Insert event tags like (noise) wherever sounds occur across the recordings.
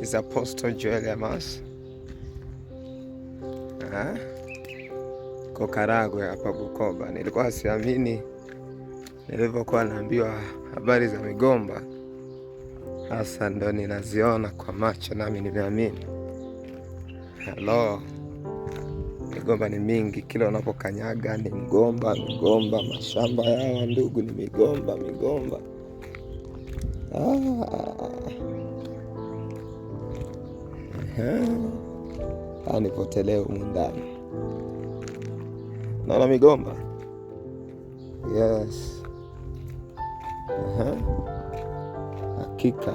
is Apostle Joel Amos ko Karagwe hapa Bukoba. Nilikuwa siamini nilivyokuwa naambiwa habari za migomba, hasa ndo ninaziona kwa macho, nami nimeamini. Halo, migomba ni mingi, kila unapokanyaga ni mgomba, migomba. Mashamba yawa ndugu ni migomba, migomba ah anipotelea humu ndani. Naona migomba yes. Hakika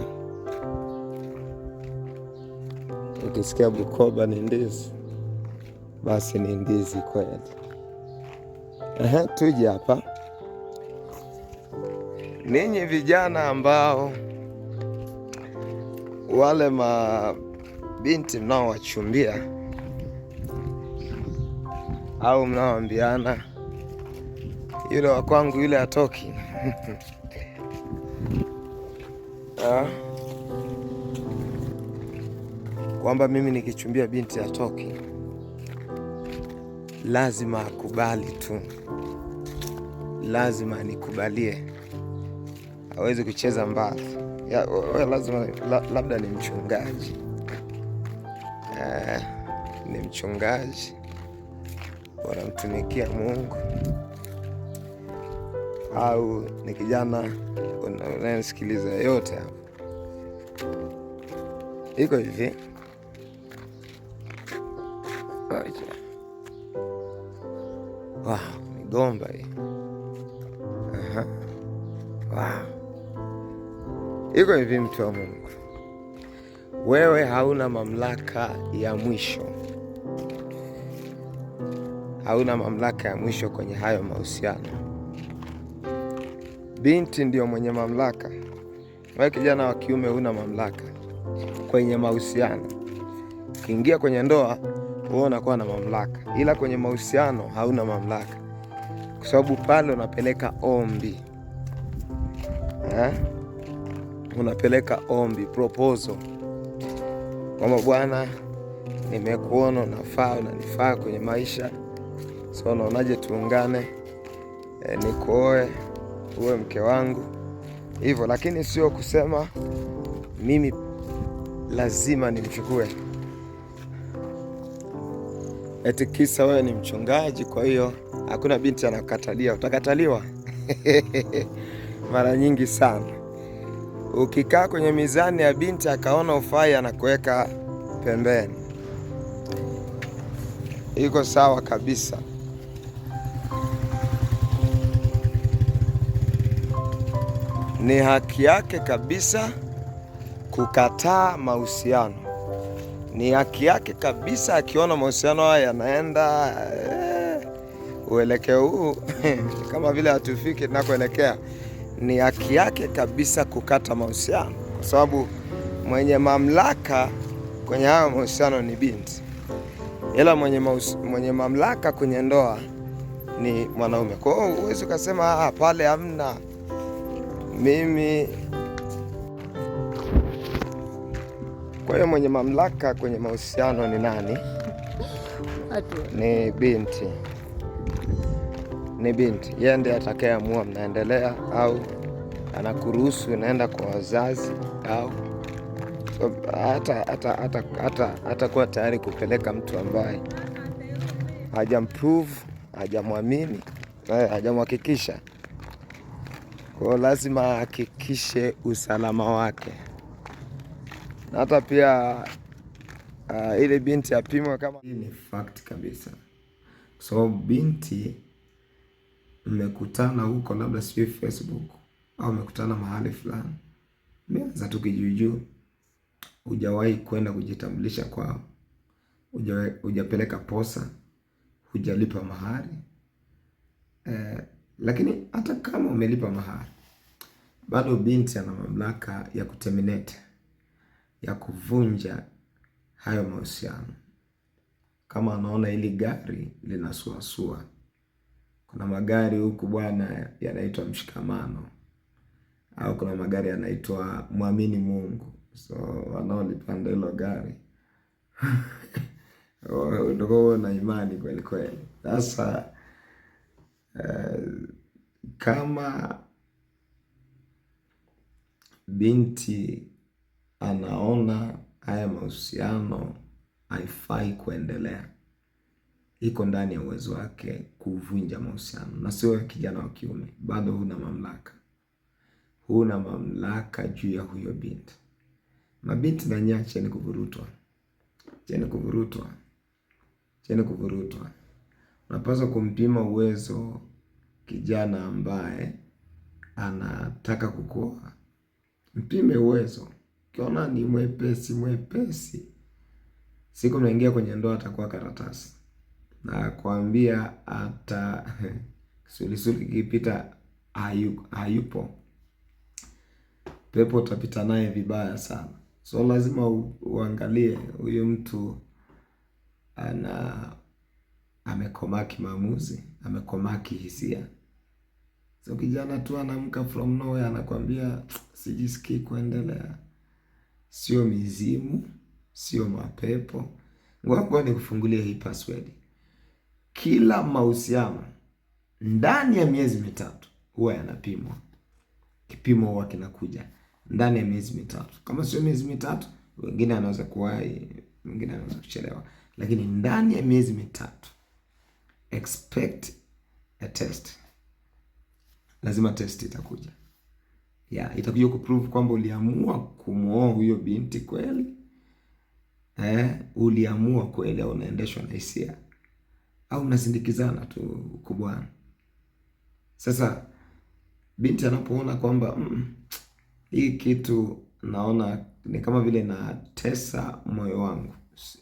ukisikia Bukoba ni ndizi, basi ni ndizi kweli. Tuje hapa, ninyi vijana ambao wale ma binti mnaowachumbia au mnaoambiana yule wa kwangu yule atoki. (laughs) Ah. kwamba mimi nikichumbia binti atoki, lazima akubali tu, lazima nikubalie hawezi kucheza mbali. Lazima la, labda ni mchungaji Eh, ni mchungaji wanamtumikia Mungu au ni kijana unayemsikiliza yote hapo, iko hivi migomba hii wow. Iko hivi mtu wa Mungu wewe hauna mamlaka ya mwisho, hauna mamlaka ya mwisho kwenye hayo mahusiano. Binti ndio mwenye mamlaka. Wewe kijana wa kiume huna mamlaka kwenye mahusiano. Ukiingia kwenye ndoa, huwa unakuwa na mamlaka, ila kwenye mahusiano hauna mamlaka, kwa sababu pale unapeleka ombi eh? unapeleka ombi proposal kwamba Bwana, nimekuona unafaa, unanifaa kwenye maisha, so naonaje tuungane, e, nikuoe uwe mke wangu hivyo, lakini sio kusema mimi lazima nimchukue eti kisa wewe ni mchungaji, kwa hiyo hakuna binti anakatalia. Utakataliwa (laughs) mara nyingi sana ukikaa kwenye mizani ya binti akaona ufai, anakuweka pembeni. Iko sawa kabisa. Ni haki yake kabisa kukataa mahusiano, ni haki yake kabisa. Akiona mahusiano haya yanaenda ee, uelekeo huu (laughs) kama vile hatufiki tunakoelekea ni haki yake kabisa kukata mahusiano, kwa sababu mwenye mamlaka kwenye hayo mahusiano ni binti, ila mwenye, mwenye mamlaka kwenye ndoa ni mwanaume. Kwa hiyo huwezi ukasema ah, pale hamna mimi. Kwa hiyo mwenye mamlaka kwenye mahusiano ni nani? (laughs) Ni binti ni binti, yeye ndiye atakayeamua mnaendelea au anakuruhusu unaenda kwa wazazi au hatakuwa tayari kupeleka mtu ambaye hajamprove, hajamwamini, eh, hajamhakikisha. Kwa hiyo lazima ahakikishe usalama wake, na hata pia uh, ile binti apimwe kama. Hii ni fact kabisa, so binti mmekutana huko, labda sijui Facebook au mmekutana mahali fulani, mmeanza tu kijuujuu, hujawahi kwenda kujitambulisha kwao, hujapeleka posa, hujalipa mahari eh, lakini hata kama umelipa mahari bado binti ana mamlaka ya kuterminate, ya kuvunja hayo mahusiano, kama anaona hili gari linasuasua kuna magari huku bwana yanaitwa mshikamano, au kuna magari yanaitwa mwamini Mungu. So wanaolipanda hilo gari utakuwa (laughs) oh, na imani kweli kweli. Sasa uh, kama binti anaona haya mahusiano haifai kuendelea iko ndani ya uwezo wake kuvunja mahusiano, na sio kijana wa kiume. Bado huna mamlaka, huna mamlaka juu ya huyo binti. Mabinti na nyaya cheni kuvurutwa, cheni kuvurutwa, cheni kuvurutwa. Unapaswa kumpima uwezo kijana ambaye anataka kukuoa, mpime uwezo. Ukiona ni mwepesi mwepesi, siku mnaingia kwenye ndoa atakuwa karatasi na kuambia hata kisulisuli kikipita hayu, hayupo. Pepo utapita naye vibaya sana, so lazima u, uangalie huyu mtu ana amekomaa kimaamuzi, amekomaa kihisia. So kijana tu anamka from nowhere anakwambia sijisikii kuendelea, sio mizimu, sio mapepo. Ngoja ni kufungulia hii password kila mahusiano ndani ya miezi mitatu huwa yanapimwa. Kipimo huwa kinakuja ndani ya miezi mitatu, kama sio miezi mitatu, wengine anaweza kuwahi, wengine anaweza kuchelewa, lakini ndani ya miezi mitatu expect a test, lazima test itakuja ya itakuja kuprove kwamba uliamua kumwoa huyo binti kweli, eh, uliamua kweli unaendeshwa na hisia au mnasindikizana tu huko bwana. Sasa binti anapoona kwamba mm, hii kitu naona ni kama vile natesa moyo wangu,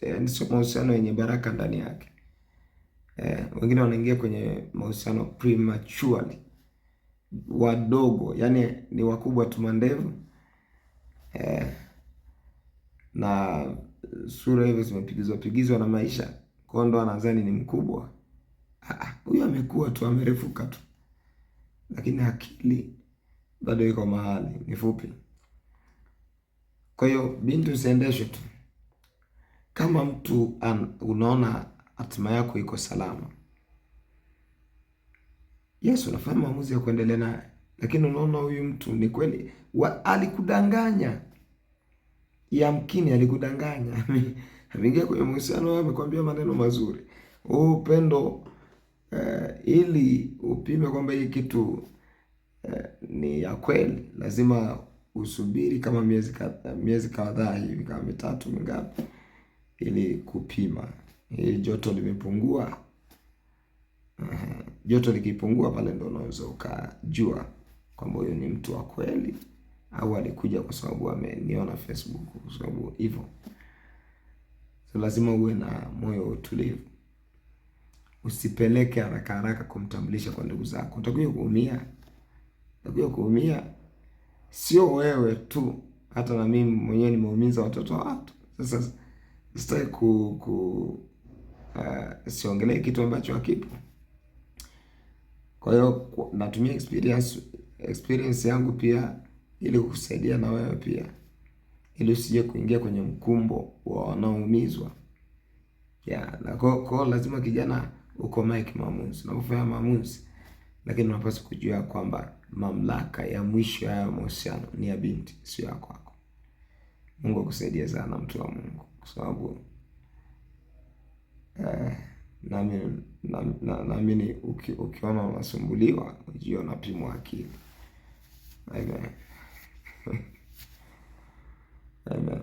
yaani sio mahusiano yenye baraka ndani yake. Eh, wengine wanaingia kwenye mahusiano prematurely wadogo, yani ni wakubwa tu mandevu eh, na sura hivyo zimepigizwa pigizwa na maisha. Kwa ndo anadhani ni mkubwa. Ah, ah, huyu amekuwa tu amerefuka tu, lakini akili bado iko mahali, ni fupi. Kwa hiyo binti, usiendeshwe tu. Kama mtu an, unaona hatima yako iko salama, yes, unafanya maamuzi ya kuendelea naye, lakini unaona huyu mtu ni kweli alikudanganya, yamkini alikudanganya (laughs) Ameingia kwenye mahusiano yao, amekwambia maneno mazuri. Huu upendo uh, ili upime kwamba hii kitu uh, ni ya kweli, lazima usubiri kama miezi miezi kadhaa hivi, kama mitatu mingapi, ili kupima hii joto limepungua. Uh, joto likipungua pale ndo unaweza ukajua kwamba huyo ni mtu wa kweli au alikuja kwa sababu ameniona Facebook, kwa sababu hivyo so lazima uwe na moyo wa utulivu. Usipeleke haraka haraka kumtambulisha kwa ndugu zako, utakuja kuumia, utakuja kuumia. Sio wewe tu, hata na mimi mwenyewe nimeumiza watoto wa watu. Sasa sitaki ku, ku uh, siongelee kitu ambacho hakipo. Kwa hiyo natumia experience experience yangu pia ili kusaidia na wewe pia ili usije kuingia kwenye mkumbo wa wanaoumizwa yeah. Kwa, kwa lazima kijana ukomae kimaamuzi, unapofanya maamuzi, lakini unapaswa kujua kwamba mamlaka ya mwisho ya mahusiano ni ya binti, sio ya kwako. Mungu akusaidie sana mtu wa Mungu, kwa sababu eh, naamini na uki, ukiona unasumbuliwa ujue unapimwa akili. Amen. (laughs) Amen.